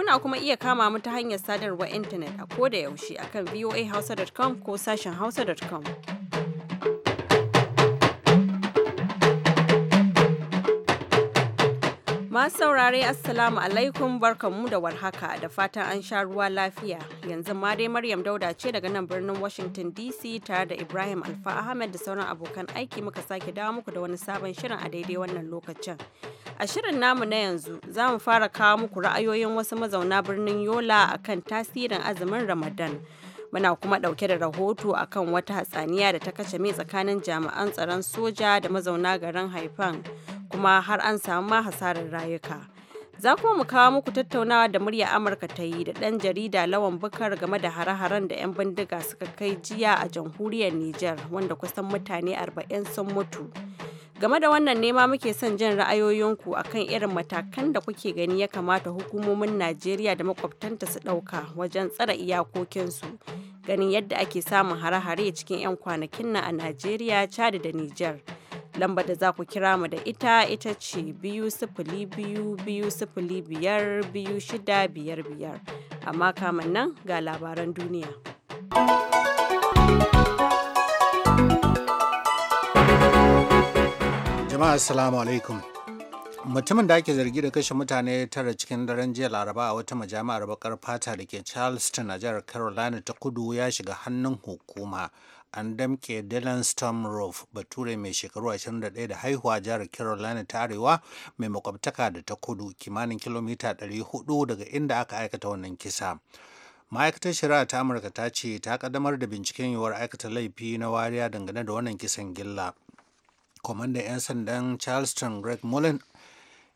Kuna kuma iya kama mu ta hanyar sadarwar intanet a ko da yaushe akan voahausa.com ko sashen hausa.com. Masu saurare Assalamu alaikum barkanmu da warhaka da fatan an sha ruwa lafiya. Yanzu ma dai Maryam Dauda ce daga nan birnin Washington DC tare da Ibrahim Alfa Ahmed da sauran abokan aiki muka sake dawo muku da wani sabon shirin a daidai wannan lokacin. A shirin namu na yanzu za mu fara kawo muku ra'ayoyin wasu mazauna birnin Yola akan tasirin azumin Ramadan. muna kuma ɗauke da rahoto akan wata hatsaniya da ta kashe mai tsakanin jami'an tsaron soja da mazauna garin haifan kuma har an samu ma hasarar rayuka. Za kuma mu kawo muku tattaunawa da murya Amurka ta yi da ɗan jarida Lawan Bukar game da hare-haren da 'yan bindiga suka kai jiya a jamhuriyar Nijar wanda kusan mutane 40 sun mutu. Game da wannan nema muke son jin ra'ayoyinku akan irin matakan da kuke gani ya kamata hukumomin Najeriya da makwabtanta su ɗauka wajen tsare iyakokinsu. Ganin yadda ake samun hare-hare cikin 'yan kwanakin nan a Najeriya, Chad da Nijar. Lambar da za ku kira mu da ita ita ce biyu sifili biyu biyu sifili biyar biyu shida biyar biyar. Amma kamar nan ga labaran duniya. Jama'a Assalamu alaikum. mutumin da ake zargi da kashe mutane tara cikin daren jiya laraba a wata majami'ar bakar fata da ke charleston a jihar carolina ta kudu ya shiga hannun hukuma an damke Dylan Storm bature mai shekaru 21 da haihuwa jihar Carolina ta Arewa mai makwabtaka da ta kudu kimanin kilomita 400 daga inda aka aikata wannan kisa. ma'aikatar shari'a ta amurka ta ce ta kaddamar da binciken yiwuwar aikata laifi na wariya dangane da wannan kisan gilla kwamandan 'yan sandan charleston greg mullen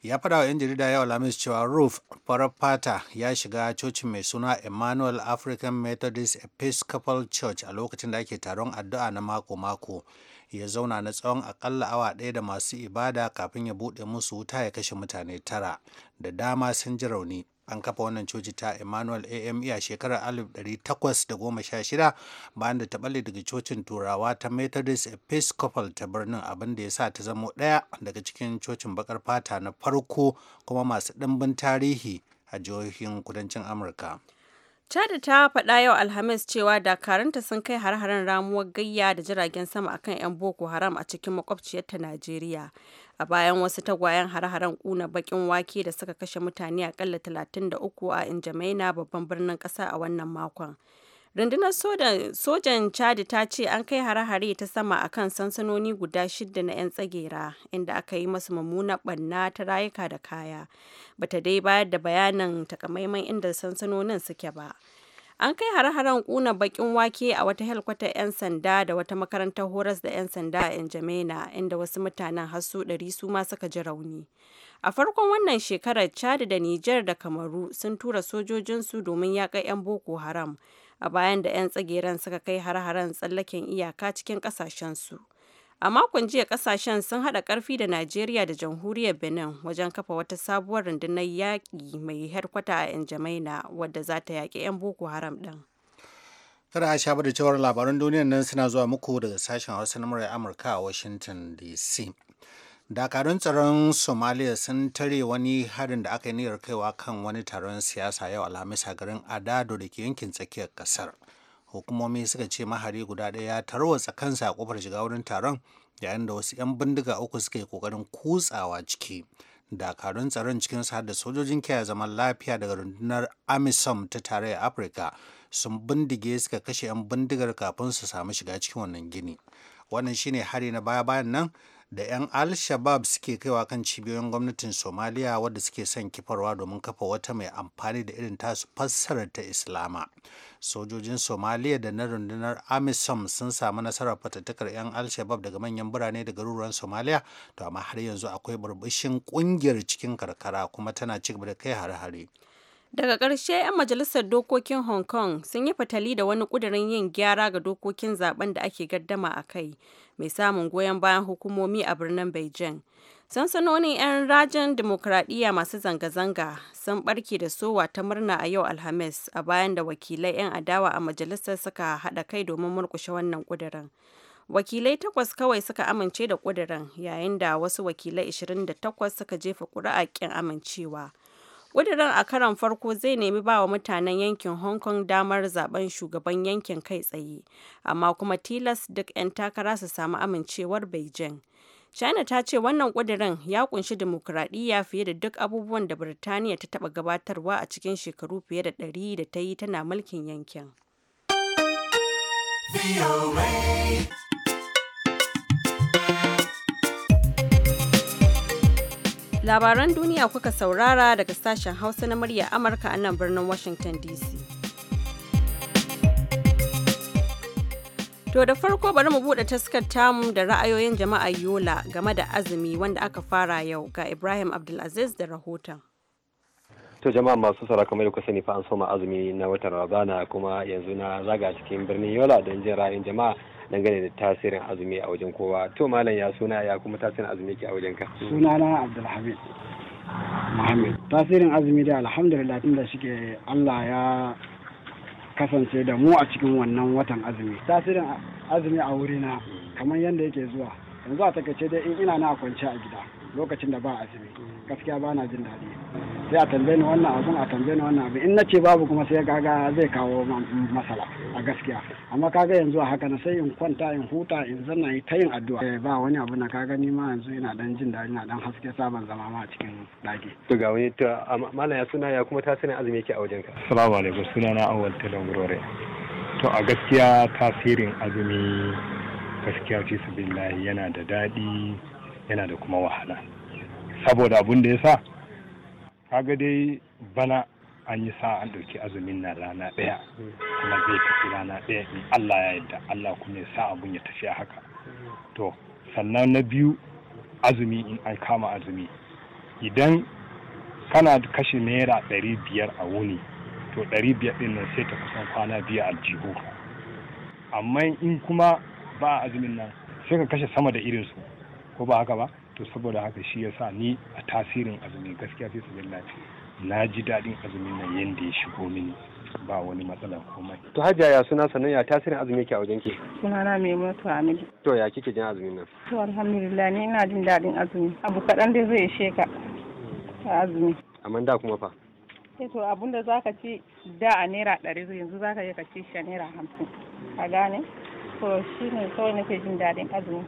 ya faɗa wa 'yan jarida yau alhamis cewa roof farar ya shiga cocin mai suna emmanuel african methodist episcopal church a lokacin da ake taron addu'a na mako-mako ya zauna na tsawon akalla awa ɗaya da masu ibada kafin ya buɗe musu wuta ya kashe mutane tara da dama sun ji rauni an kafa wannan coci ta emmanuel ame a shekarar 1816 bayan da ta balle daga cocin turawa ta methodist episcopal ta birnin abin da ya sa ta zamo ɗaya daga cikin cocin bakar fata na farko kuma masu ɗimbin tarihi a jihohin kudancin amurka Chad ta faɗa yau Alhamis cewa dakaranta sun kai har-haren ramuwar gayya da jiragen sama akan 'yan Boko Haram a cikin makwabciyarta Najeriya. a bayan wasu tagwayen har haren kuna bakin wake da suka kashe mutane akalla 33 a injamaina babban birnin kasa a wannan makon rundunar sojan chad ta ce an kai hare-hare ta sama a kan sansanoni guda shida na 'yan tsagera inda aka yi masu mummunar ɓanna ta rayuka da kaya bata dai bayar da bayanin takamaiman inda sansanonin suke ba An kai hare-haren kuna bakin wake a wata helkwatar 'yan sanda da wata makarantar horas da 'yan sanda a N'Djamena inda wasu mutanen hasu ɗari su ma suka ji rauni. A farkon wannan shekarar Chad da Nijar da Kamaru sun tura sojojinsu domin yaƙa 'yan Boko Haram a bayan da 'yan tsageren suka kai hare-haren tsallaken iyaka cikin ƙasashensu. A makon jiya kasashen sun hada karfi da Najeriya da Jamhuriyar Benin wajen kafa wata sabuwar rundunar yaƙi mai harkwata a 'yan Jamaina wadda za ta yaƙi 'yan Boko Haram ɗin. Kada a shafa da cewar labaran duniyar nan suna zuwa muku daga sashen Hausa na murar Amurka a Washington DC. Dakarun tsaron Somalia sun tare wani harin da aka yi niyyar kaiwa kan wani taron siyasa yau Alhamis a garin Adado da ke yankin tsakiyar ƙasar. hukumomi suka ce mahari guda ɗaya ya tarwatsa kansa a kofar shiga wurin taron yayin da wasu 'yan bindiga uku suka yi kokarin kutsawa ciki dakarun tsaron cikin har da sojojin kiyaye zaman lafiya daga rundunar amisom ta tarayyar afirka sun bindige suka kashe 'yan bindigar kafin su samu shiga cikin wannan gini wannan shine hari na baya bayan nan da 'yan al-shabab suke kaiwa kan cibiyoyin gwamnatin somaliya wadda suke son kifarwa domin kafa wata mai amfani da irin tasu fassarar ta islama sojojin somaliya da na rundunar amisom sun samu nasarar fatattakar 'yan al-shabab daga manyan birane da garuruwan somaliya to amma har yanzu akwai burbushin kungiyar cikin karkara kuma tana ci gaba da kai hare-hare Daga ƙarshe 'yan majalisar dokokin Hong Kong sun yi fatali da wani ƙudurin yin gyara ga dokokin zaben da ake gaddama a kai mai samun goyon bayan hukumomi a birnin Beijing. Sansanonin 'yan rajin dimokuraɗiyya masu zanga-zanga sun barke da sowa ta murna a yau Alhamis a bayan da wakilai 'yan adawa a majalisar suka haɗa kai domin murkushe wannan ƙudurin. wakilai takwas kawai suka amince da ƙudurin yayin da wasu wakilai 28 suka jefa ƙuri'a ƙin amincewa ƙudurin a karon farko zai nemi ba wa mutanen yankin hong kong damar zaɓen shugaban yankin kai tsaye amma kuma tilas duk 'yan takara su samu amincewar beijing china ta ce wannan ƙudurin ya kunshi dimokuraɗiyya fiye da duk abubuwan da birtaniya ta taɓa gabatarwa a cikin shekaru fiye da ɗari da ta yi tana mulkin yankin. Labaran duniya kuka saurara daga sashen Hausa na murya Amurka a nan birnin Washington DC. To da farko bari mu buɗe taskar tamu da ra'ayoyin jama'a Yola game da azumi wanda aka fara yau ga Ibrahim Abdulaziz da rahoton. to jama'a masu sauraro kamar kuka sani fa an soma azumi na watan ramadana kuma yanzu na zaga cikin birnin yola don jin ra'ayin jama'a dangane da tasirin azumi a wajen kowa to malam ya suna ya kuma tasirin azumi ke a wajen ka Suna na abdulhamid muhammad tasirin azumi da alhamdulillah tunda shike allah ya kasance da mu a cikin wannan watan azumi tasirin azumi a wurina kamar yadda yake zuwa yanzu a takaice dai in ina na kwance a gida lokacin da ba a asibi gaskiya ba na jin daɗi sai a tambaye ni wannan abun a tambaye ni wannan abun in na ce babu kuma sai kaga zai kawo masala a gaskiya amma kaga yanzu a haka na sai in kwanta in huta in zanna yi ta yin addu'a eh, ba wani abu na kaga ni ma yanzu ina dan jin daɗi na dan haske sabon zama ma a cikin ɗaki. to ga wani ta malam ya suna ya kuma ta sani azumi yake a ka. assalamu alaikum suna na awal talangurore to a gaskiya tasirin azumi gaskiya fi su yana da daɗi yana da kuma wahala saboda abun da ya sa kaga dai bana an yi sa an ɗauki azumin na rana ɗaya kuma zai tafi rana ɗaya in Allah ya yadda Allah kuma ya sa abun ya tafi haka to sannan na biyu azumi in an kama azumi idan kana kashe naira ɗari biyar a wuni to ɗari biyar ɗin nan sai ta kusan kwana biyu a jihu amma in kuma ba azumin nan sai ka kashe sama da irinsu ko ba haka ba to saboda haka shi yasa ni a tasirin azumi gaskiya fi sabilillah na ji daɗin azumin nan yadda ya shigo mini ba wani matsala komai. To hajiya ya suna sannan ya tasirin azumi ke a wajen ke? Suna na mai mutu Aminu. To ya kike jin azumin nan? To alhamdulillah ni ina jin daɗin azumi. Abu kaɗan dai zai ishe ka a azumi. Amma da kuma fa? Eh to abun da zaka ci da a naira ɗari yanzu ka yi ka ci shi a naira hamsin. a gane? To shi ne kawai nake jin daɗin azumi.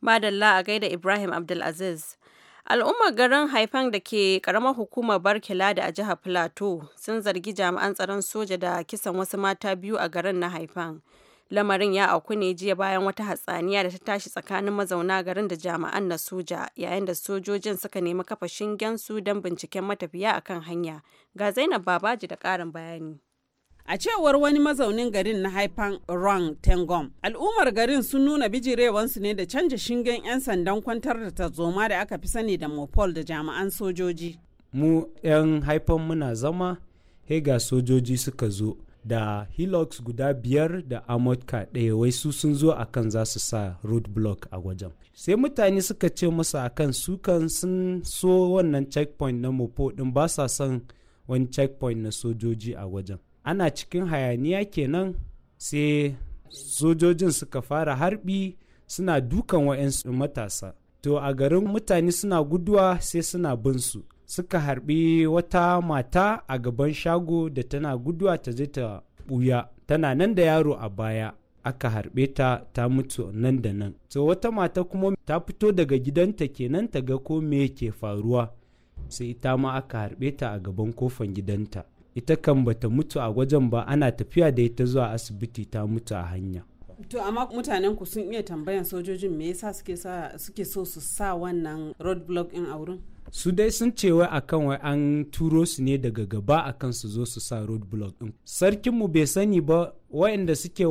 madalla a gaida Ibrahim Abdulaziz. Al'ummar garin Haifan da ke karamar hukumar Barkila da a jihar Plateau sun zargi jami'an tsaron soja da kisan wasu mata biyu a garin na Haifan. Lamarin ya auku ne jiya bayan wata hatsaniya da ta tashi tsakanin mazauna garin da jami'an na soja yayin da sojojin suka nemi kafa shingen su don binciken matafiya akan hanya. Ga Zainab Babaji da ƙarin bayani. A cewar wani mazaunin garin na haifan Rang Tengom, al'ummar garin sun nuna bijirewansu ne da canja shingen 'yan sandan kwantar da tarzoma da aka fi sani da Mopol da jami'an sojoji. Mu 'yan haifan muna zama, hega sojoji suka zo da Hilux guda biyar da Amodka ɗaya wai su sun zo akan za su sa block a wajen. Sai mutane suka ce masa a kan sukan sun so wannan checkpoint na Mopo ɗin ba sa son wani checkpoint na sojoji a wajen. ana cikin hayaniya kenan sai sojojin suka fara harbi suna dukan wa'yansu matasa to a garin mutane suna guduwa sai suna binsu suka harbi wata mata a gaban shago da tana guduwa ta je ta buya tana nan da yaro a baya aka harbe ta ta mutu nan da nan to wata mata kuma ta fito daga gidanta kenan ta ga ko me ke faruwa sai ita ma aka harbe ta a gaban kofan gidanta ita kan bata mutu a wajen ba ana tafiya da ita zuwa asibiti ta mutu a hanya to amma mutanen ku sun iya tambayan sojojin me yasa suke suke so su sa wannan road block in a wurin su dai sun ce wai akan wai an turo su ne daga gaba akan su zo su sa road block din sarkinmu bai sani ba waɗanda suke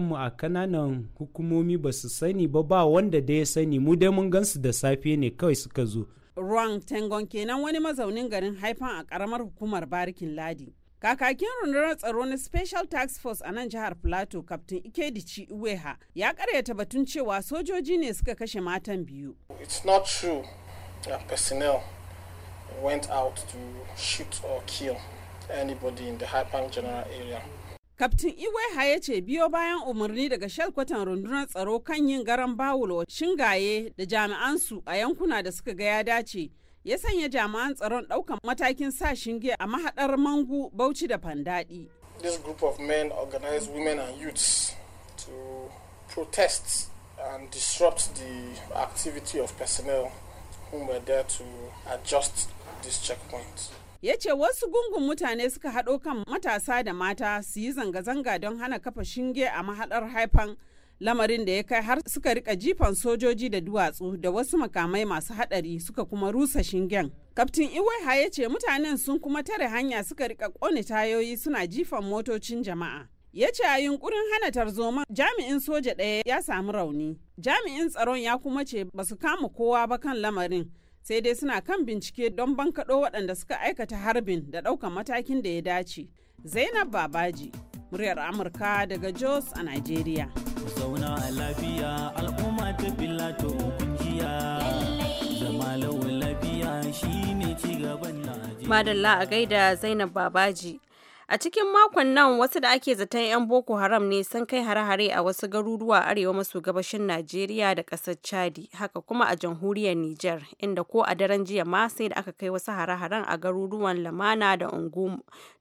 mu a kananan hukumomi ba su sani ba ba wanda da ya sani mu dai mun gansu da safe ne kawai suka zo ruang Tengon kenan wani mazaunin garin haifan a karamar hukumar barikin ladi. Kakakin rundunar tsaro na Special Task Force a nan jihar plato Captain Ikedici uweha ya karyata batun cewa sojoji ne suka kashe matan biyu. It's not true that personnel went out to shoot or kill anybody in the Haipan general area. Kaftin Iweha ya ce biyo bayan umarni daga shalkwatan rundunar tsaro kan yin garan bawul shingaye da jami'ansu a yankuna da suka ga ya dace ya sanya jami'an tsaron ɗaukan matakin sa shinge a mahaɗar mangu bauchi da fandadi This group of men organize women and youths to protest and disrupt the activity of personnel who were there to adjust this checkpoint. ya ce wasu gungun mutane suka haɗo kan matasa da mata su yi zanga-zanga don hana kafa shinge a mahaɗar haifan lamarin da ya kai har suka rika jifan sojoji da duwatsu da wasu makamai masu haɗari suka kuma rusa shingen kaftin iwaiha ya ce mutanen sun kuma tare hanya suka rika ƙone tayoyi suna jifan motocin jama'a ya ce a yunkurin hana tarzoma jami'in soja ɗaya ya samu rauni jami'in tsaron ya kuma ce ba su kama kowa ba kan lamarin sai dai suna kan bincike don bankaɗo waɗanda suka aikata harbin da ɗaukar matakin da ya dace zainab babaji muryar amurka daga jos a nigeria zauna al'umma ta filato kungiya zama shine cigaban najeriya madalla a gaida zainab babaji A cikin makon nan wasu da ake zaton 'yan Boko Haram ne sun kai hare-hare a wasu garuruwa arewa maso gabashin Najeriya da ƙasar Chadi, haka kuma a jamhuriyar Nijar, inda ko a daren jiya ma sai da aka kai wasu hare-haren a garuruwan Lamana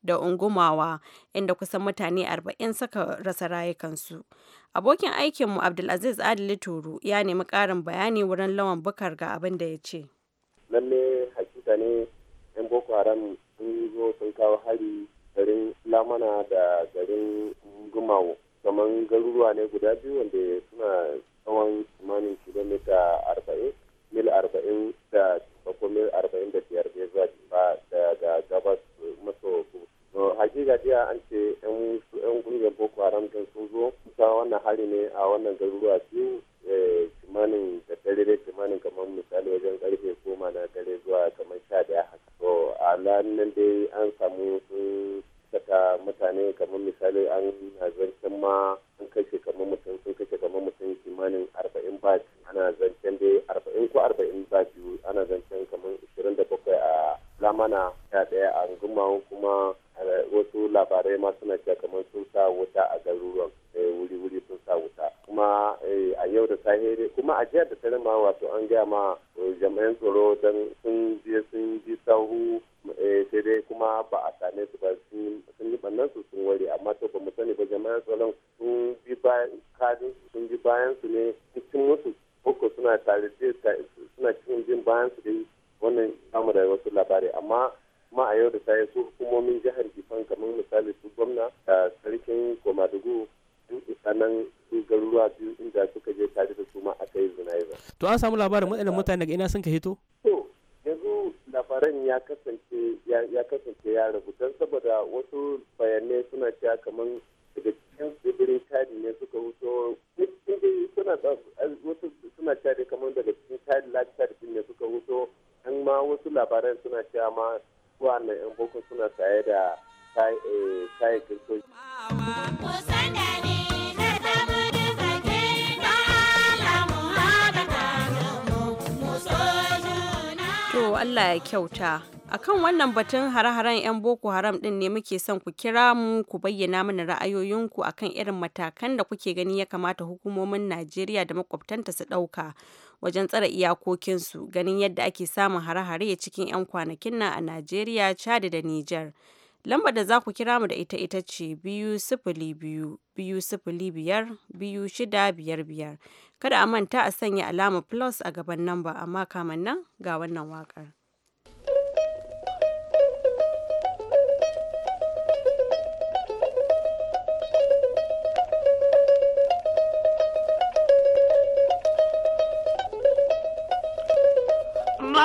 da, Ungumawa, inda kusan mutane 40 suka rasa rayukansu. Abokin aikinmu Abdulaziz Adili Toro ya nemi ƙarin bayani wurin lawan bukar ga abin da ya ce. Lalle hakika ne 'yan Boko Haram sun zo sun kawo hari garin lamana da garin gumawo kamar garuruwa ne guda biyu wanda suna tsawon kimanin kilomita arba'in mil arba'in da ko mil arba'in da biyar ne zuwa da daga gabas maso to hakika jiya an ce yan kungiyar boko haram din sun zo kusa wannan hari ne a wannan garuruwa biyu eh, kimanin da dare kimanin kamar kamar misali an zancen ma an kashe kamar mutum sun kashe kamar mutum kimanin arba'in ba ana zancen dai arba'in ko arba'in ba biyu ana zancen kamar ishirin da bakwai a lamana ta ɗaya a gumawa kuma eh, wasu labarai ma suna cewa kamar sun sa wuta a garuruwan wuri-wuri eh, sun sa wuta kuma eh, a yau da sahere kuma a jihar da ta ma wato an gaya ma jami'an tsaro don amma to ba mu sani ba jama'an salon sun bi bayan kadi sun bi bayan su ne cikin musu boko suna tare suna cikin jin bayan su dai wannan samu da wasu labarai amma ma a yau da ta su hukumomin jihar Gifan kamar misali su gwamna da sarkin Komadugu sun sanan su garuruwa biyu inda suka je tare da su ma aka yi ba. To an samu labarin waɗannan mutane daga ina sun ka hito? dama wa'annan 'yan boko suna saye da eh, kayayyakin soji. To Allah ya kyauta. kan wannan batun hare-haren 'yan Boko Haram ɗin ne muke son ku kira mu ku bayyana mana ra'ayoyinku akan irin matakan da kuke gani ya kamata hukumomin Najeriya da makwabtanta su ɗauka wajen tsare iyakokinsu ganin yadda ake samun hare-hare cikin 'yan kwanakin nan a Najeriya, Chad da Nijar. Lambar da za ku kira mu da ita ita ce biyu sifili biyu biyu sifili biyar biyu shida biyar biyar. Kada a manta a sanya alama plus a gaban namba amma kaman nan ga wannan waƙar.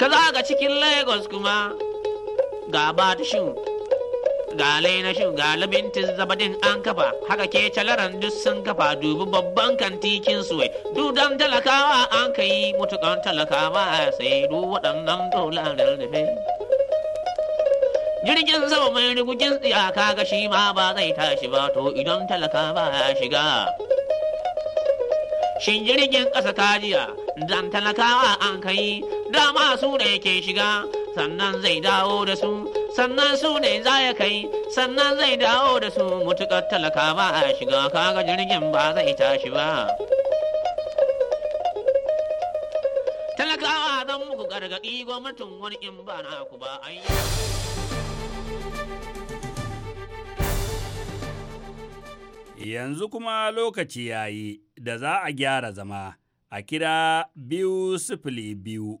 ka ga cikin lagos kuma ga batishin ga lainashin ga labintin zabadin an kafa haka ke calaran duk sun kafa dubi babban kantikin suwai dudan talakawa an ka yi mutukan talakawa sai du waɗannan dolarar da jirgin sama mai rigugin tsiyaka ga shi ma ba zai tashi ba to idan talaka ya shiga shin jirgin ƙasa kajiya dan talakawa an kai dama su ne ke shiga sannan zai dawo da su sannan su ne za ya kai sannan zai dawo da su mutukar talaka ba a shiga kaga jirgin ba zai tashi ba talakawa zan muku gargaɗi gwamnatin wani in ba na ku ba yanzu kuma lokaci ya yi da za a gyara zama a kira biyu sifili biyu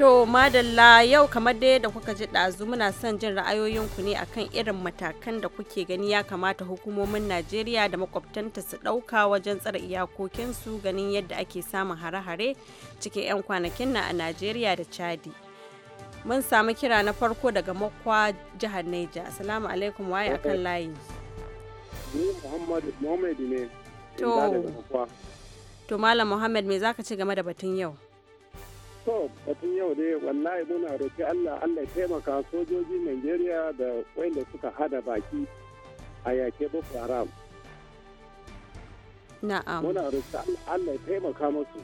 To madalla yau kamar dai da kuka ji ɗazu muna son jin ra'ayoyinku ne akan irin matakan da kuke gani ya kamata hukumomin Najeriya da makwabtanta su ɗauka wajen tsare iyakokinsu ganin yadda ake samun hare-hare cikin 'yan kwanakin na a Najeriya da Chadi. Mun samu kira na farko daga makwa jihar Neja. Assalamu alaikum waye akan layi. Muhammad ne. To, to Malam Muhammad me zaka ci game da batun yau? To, batun yau dai wallahi muna roƙi Allah Allah taimaka sojoji Najeriya da wanda suka hada baki a yake Boko Haram. Na'am. Muna roƙi Allah taimaka musu.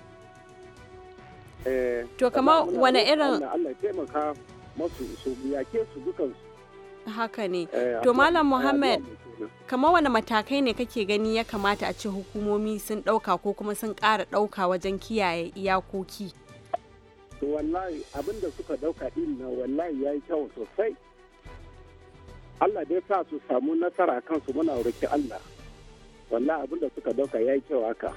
Eh, to kama wane irin Allah taimaka musu su yake su dukan su. Haka ne. Eh, to Malam Muhammad kama wane matakai ne kake gani ya kamata a ce hukumomi sun ɗauka ko kuma sun ƙara ɗauka wajen kiyaye iyakoki? to wallahi abin da suka dauka din na wallahi ya yi kyau sosai Allah dai sa su samu nasara kansu muna roki Allah wallahi abin da suka dauka ya yi kyau haka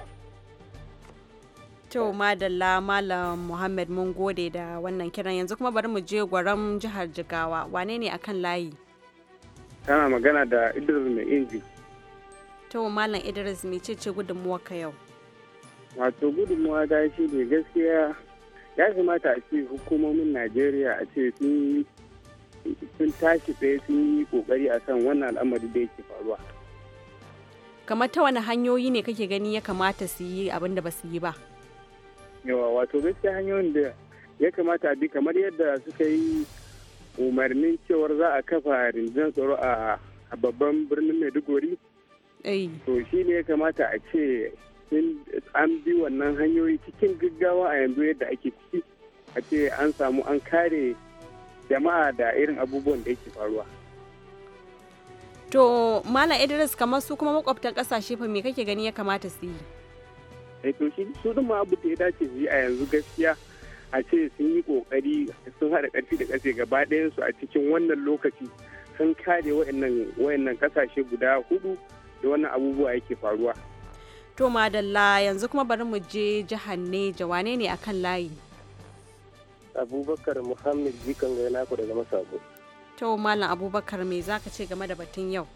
to madalla malam muhammad mun gode da wannan kiran yanzu kuma bari mu je gwaram jihar jigawa wane ne akan layi tana magana da idris mai inji to malam idris mai ce ce gudunmuwa ka yau wato gudunmuwa da shi ne gaskiya ya kamata a ce hukumomin najeriya a ce sun tashi tsaye sun yi kokari a kan wannan al'amari da yake faruwa kamar ta wani hanyoyi ne kake gani ya kamata su yi abin da ba su yi ba yawa wato gaskiya hanyoyin da ya kamata a bi kamar yadda suka yi umarnin cewar za a kafa rinjin tsaro a babban birnin maiduguri to shi ne ya kamata a ce an bi wannan hanyoyi cikin gaggawa a yanzu yadda ake ciki a ce an samu an kare jama'a da irin abubuwan da yake faruwa. To Malam Idris kamar su kuma makwabtan kasashe fa me kake gani ya kamata su yi? Eh to shi su duma abu da ya dace su yi a yanzu gaskiya a ce sun yi kokari sun haɗa ƙarfi da ƙarfe gaba ɗayan su a cikin wannan lokaci sun kare wayannan wayannan kasashe guda hudu da wannan abubuwa yake faruwa. To madalla yanzu kuma bari mu je jihar Neja wane ne akan layi? Abubakar Muhammad Jikan ga naku daga Masabo. To Malam Abubakar me zaka ce game da batun yau?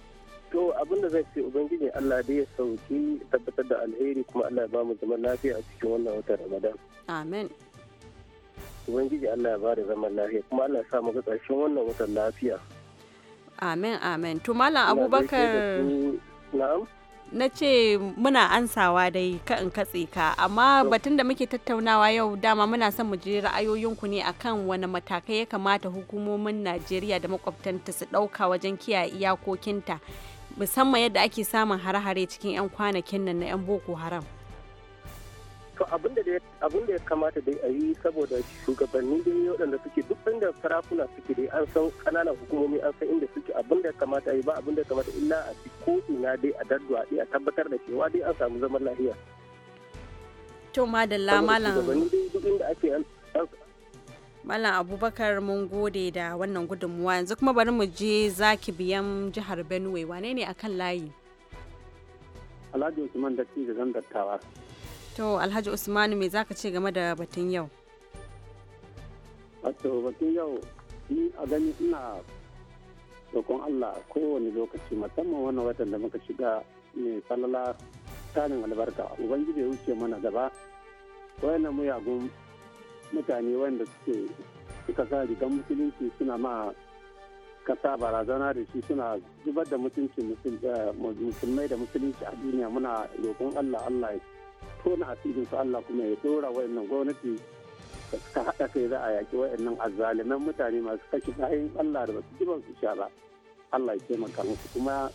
To abin da zai ce Ubangiji Allah dai ya sauki tabbatar da alheri kuma Allah ya ba mu zaman lafiya a cikin wannan watan Ramadan. Amen. Ubangiji Allah ya ba da zaman lafiya kuma Allah ya sa mu ga ƙarshen wannan watan lafiya. Amen amen. To Malam Abubakar. Na'am. na ce muna ansawa dai ka in katse ka amma batun da muke tattaunawa yau dama muna son mu ji ra'ayoyinku ne akan wani matakai ya kamata hukumomin najeriya da makwabtanta su ɗauka wajen kiyaye iyakokinta musamman yadda ake samun hare-hare cikin 'yan kwanakin nan na 'yan boko haram to abin da ya kamata dai a yi saboda shugabanni dai waɗanda suke duk inda sarakuna suke dai an san kananan hukumomi an san inda suke abin da ya kamata a yi ba abin da ya kamata illa a ci ko ina dai a dadduwa dai a tabbatar da cewa dai an samu zaman lafiya. to madalla malam malam abubakar mun gode da wannan gudunmuwa yanzu kuma bari mu je zaki biyan jihar benue wane ne akan layi alhaji usman da zan dattawa To Alhaji Usmanu me zaka ce game da batun yau? Wato batun yau ni a gani ina roƙon Allah kowane lokaci musamman wani watan da muka shiga mai falala tarin albarka ubangiji ya wuce mana gaba wayannan muyagun mutane wanda suke suka sa rigar musulunci suna ma kasa barazana da shi suna zubar da mutuncin eh, musulmai da musulunci a duniya muna roƙon Allah Allah ya tona asirin su Allah kuma ya dora wayannan gwamnati da suka haɗa kai za a yaƙi wayannan azaliman mutane masu kashe bayan Allah da basu ji su sha ba Allah ya taimaka musu kuma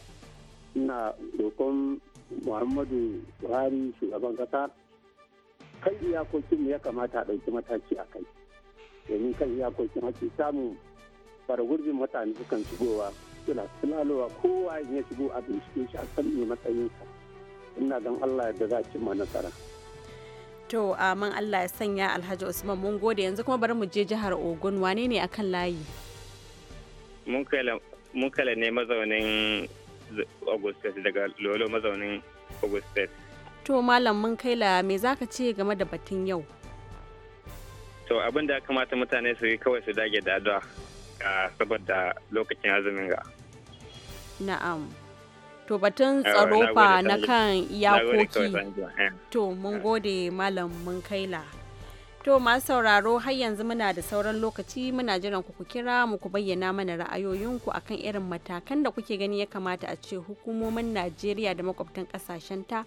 ina dokon Muhammadu Buhari shugaban kasa kan iyakokin ya kamata a ɗauki mataki a kai domin kan iyakokin ake samun fargurbin mutane sukan shigowa suna sulalowa kowa ya shigo a bincike shi a san me matsayinsa ina don allah yadda za a ma nasara to amin allah ya sanya alhaji usman mun gode yanzu kuma bari mu je jihar ogun wane ne akan layi mun kala ne mazaunin augustus daga lolo mazaunin augustus to malam mun kai la me za ka ce game da batun yau to abin da ya kamata mutane su yi kawai su dage da addu'a saboda lokacin azumin ga na'am to batun eh, tsaro na kan iyakoki eh. to mun eh. gode malam mun kaila to masu sauraro har yanzu muna da sauran lokaci muna jiran ku kira mu ku bayyana mana ra'ayoyinku akan irin matakan da kuke gani ya kamata a ce hukumomin najeriya da makwabtan kasashen ta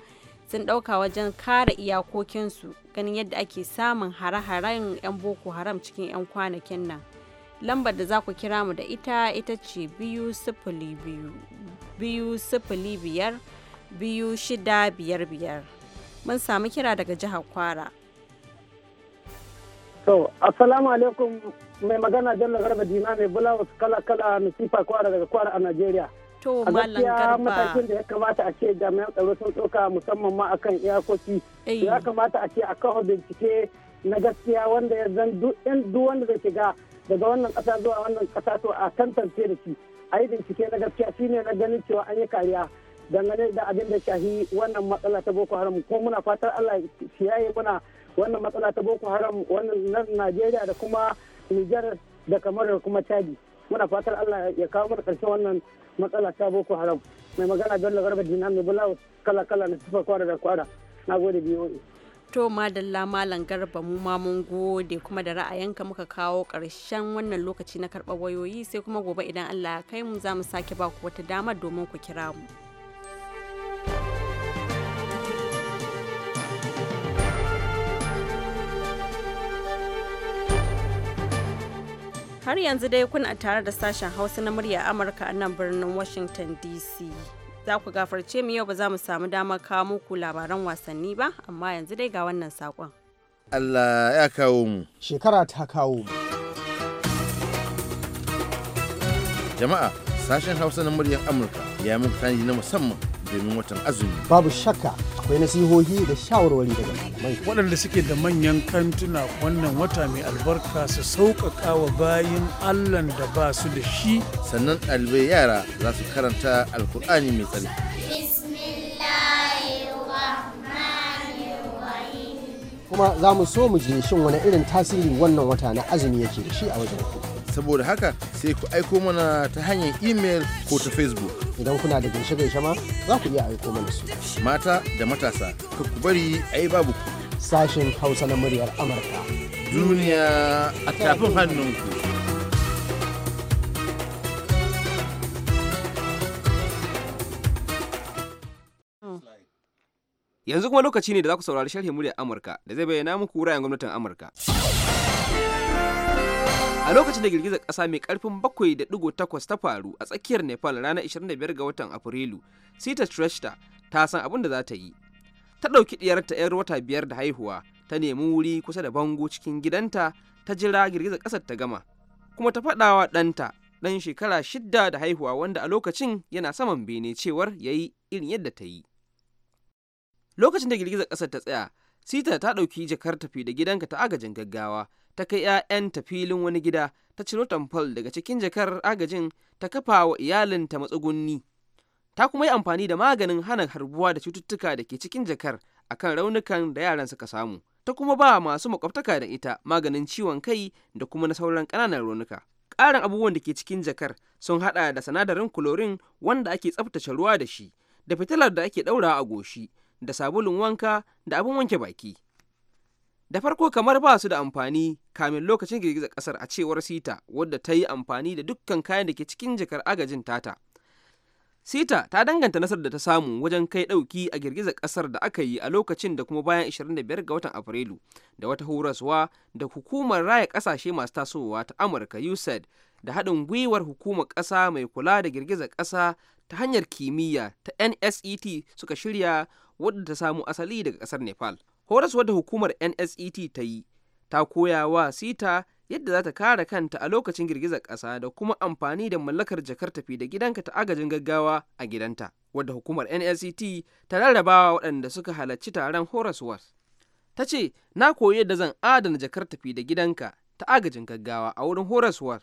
sun ɗauka wajen kare iyakokinsu ganin yadda ake samun hare-haren 'yan boko haram cikin 'yan kwanakin nan lambar da za ku kira mu da ita ita ce biyu sifili biyu biyu sifili biyar biyu shida biyar biyar. Mun samu kira daga jihar Kwara. So, assalamu alaikum mai magana Bello Garba Dina mai wasu kala-kala Nusifa Kwara daga Kwara a Najeriya. To, Malam Garba. matakin da ya kamata a ce jami'an tsaro sun tsoka musamman ma akan iyakoki. Eh. Ya kamata a ce a kawo bincike na gaskiya wanda ya zan duk wanda zai shiga daga wannan ƙasa zuwa wannan ƙasa to a tantance da shi. a yi bincike na gaskiya shine na ganin cewa an yi kariya dangane da abin da shahi wannan matsala ta boko haram ko muna fatar allah shi yaye muna wannan matsala ta boko haram wannan najeriya da kuma nijar da kamar da kuma chadi muna fatar allah ya kawo mana karshen wannan matsala ta boko haram mai magana bello garba dinan mai bulawa kala kala na sifar kwara da kwara na gode biyu To madalla malam garba mu ma mun gode kuma da ra'ayinka muka kawo ƙarshen wannan lokaci na karɓar wayoyi sai kuma gobe idan Allah ya kai mu za mu sake ba ku wata dama domin ku kira mu. Har yanzu dai kun a tare da sashen Hausa na murya Amurka a nan birnin Washington DC. za ku gafarce mu yau ba za mu samu damar kawo muku labaran wasanni ba amma yanzu dai ga wannan saƙon. Allah ya kawo mu. Shekara ta kawo mu. Jama'a sashen Hausa na muryar Amurka ya muku tanji na musamman domin watan azumi babu shakka akwai nasihohi da shawarwari daga malamai waɗanda suke da manyan kantuna wannan wata mai albarka su sauƙaƙa wa bayin allahn da ba su da shi sannan ɗalibai yara za su karanta alkur'ani mai tsarki kuma za mu so mu je shin wani irin tasiri wannan wata na azumi yake da shi a wajen ku saboda haka sai ku aiko mana ta hanyar imel ko ta facebook idan kuna da gaishe-gaishe ma za ku iya aiko mana su mata da matasa ku bari a yi babu ku sashen hausa na muryar amurka duniya a tafin hannunku yanzu kuma lokaci ne da za ku saurari sharhin muryar amurka da zai bayyana muku wuraren gwamnatin amurka A lokacin da girgizar ƙasa mai ƙarfin 7.8 ta faru a tsakiyar Nepal ranar 25 ga watan Afrilu, Sita tresta ta san abin da za ta yi. Ta ɗauki ɗiyarta 'yar wata biyar da haihuwa, ta nemi wuri kusa da bango cikin gidanta, ta jira girgizar ƙasar ta gama. Kuma ta faɗawa ɗanta ɗan shekara shidda da haihuwa wanda a lokacin yana saman bene cewar ya yi irin yadda ta yi. Lokacin da girgizar ƙasar ta tsaya, Sita ta ɗauki jakar tafi da gidanka ta agajin gaggawa, ta kai 'ya'yanta filin wani gida ta ciro tamfol daga cikin jakar agajin ta kafa wa iyalinta matsugunni ta kuma yi amfani da maganin hana harbuwa da cututtuka da ke cikin jakar a kan raunukan da yaran suka samu ta kuma ba masu makwabtaka da ita maganin ciwon kai da kuma na sauran ƙananan raunuka ƙarin abubuwan da ke cikin jakar sun haɗa da sinadarin kulorin wanda ake tsaftace ruwa da shi da fitilar da ake ɗaura a goshi da sabulun wanka da abin wanke baki da farko kamar ba su da amfani kamin lokacin girgizar kasar a cewar sita wadda ta yi amfani da dukkan kayan da ke cikin jakar agajin tata sita ta danganta nasarar da ta samu wajen kai ɗauki a girgizar kasar da aka yi a lokacin da kuma bayan 25 ga watan afrilu da wata horaswa da hukumar raya kasashe masu tasowa ta amurka usaid da haɗin gwiwar hukumar ƙasa mai kula da girgizar ƙasa ta hanyar kimiyya ta nset suka shirya wadda ta samu asali daga ƙasar nepal Horas wadda hukumar nset ta yi ta koya wa sita yadda za ta kare kanta a lokacin girgizar ƙasa da kuma amfani da mallakar jakar tafi da gidanka ta agajin gaggawa a gidanta wadda hukumar NSET ta rarrabawa waɗanda suka halarci taron horaswar ta ce na koyi yadda zan adana jakar tafi da gidanka ta agajin gaggawa a wurin horaswar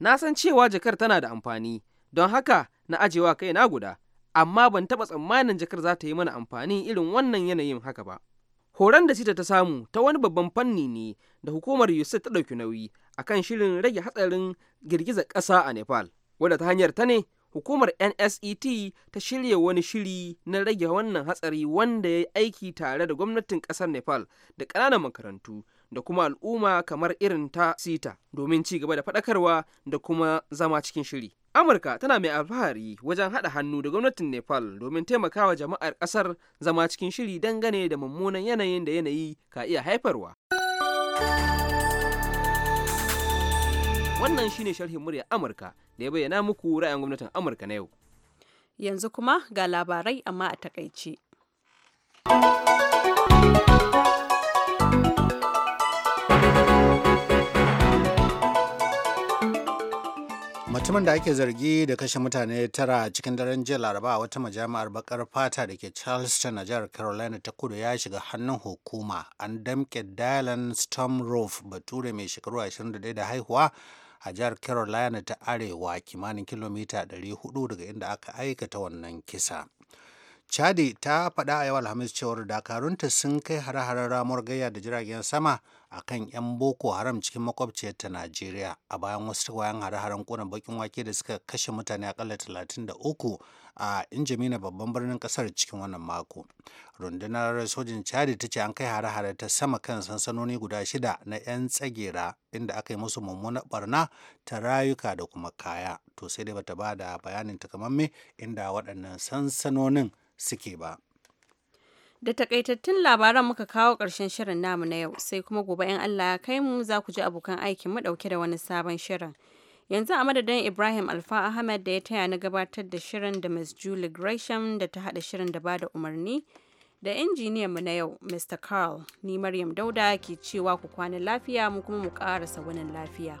na san cewa jakar tana da amfani don haka na ajewa na guda amma ban taɓa tsammanin jakar za ta yi mana amfani irin wannan yanayin haka ba horon da sita ta samu ta wani babban fanni ne da hukumar Yusuf ta ɗauki nauyi akan shirin rage hatsarin girgizar ƙasa a nepal wadda ta hanyar ta ne hukumar nset ta shirya wani shiri na rage wannan hatsari wanda ya yi aiki tare da gwamnatin ƙasar nepal da ƙananan makarantu da kuma al'umma kamar irin ta sita domin ci gaba da faɗakarwa da kuma zama cikin shiri. Amurka tana mai alfahari wajen haɗa hannu da gwamnatin Nepal domin taimakawa jama'ar ƙasar zama cikin shiri dangane da mummunan yanayin da yanayi ka iya haifarwa. Wannan shine sharhin murya Amurka da ya bayyana muku ra'ayin gwamnatin Amurka na yau. Yanzu kuma ga labarai amma a takaice. mutumin da ake zargi da kashe mutane tara cikin daren jiya laraba a wata majami'ar bakar fata da ke charleston a jihar carolina ta kudu ya shiga hannun hukuma an damke dylan roof bature mai shekaru 21 da haihuwa a jihar carolina ta arewa kimanin kilomita 400 daga inda aka aikata wannan kisa chadi ta faɗa a yau alhamis cewar dakarunta sun kai hare-haren ramuwar gayya da jiragen sama a kan 'yan boko haram cikin makwabciyarta najeriya a bayan wasu tawayen hare-haren ƙunan bakin wake da suka kashe mutane a akalla 33 a injimina babban birnin kasar cikin wannan mako rundunar sojin chadi ta ce an kai hare-hare ta sama kan sansanoni guda shida na 'yan tsagera inda aka yi musu mummunar barna ta rayuka da kuma kaya to sai dai bata ba da bayanin takamamme inda waɗannan sansanonin suke ba. Da takaitattun labaran muka kawo ƙarshen shirin namu na yau sai kuma gobe in Allah ya kai mu za ku ji abokan aikin mu ɗauke da wani sabon shirin. Yanzu a madadin Ibrahim Alfa Ahmed da ya taya na gabatar da shirin da Ms. Julie Gresham da ta haɗa shirin da ba da umarni da injiniyan mu na yau Mr. Carl ni Maryam Dauda ke cewa ku kwana lafiya mu kuma mu ƙarasa wani lafiya.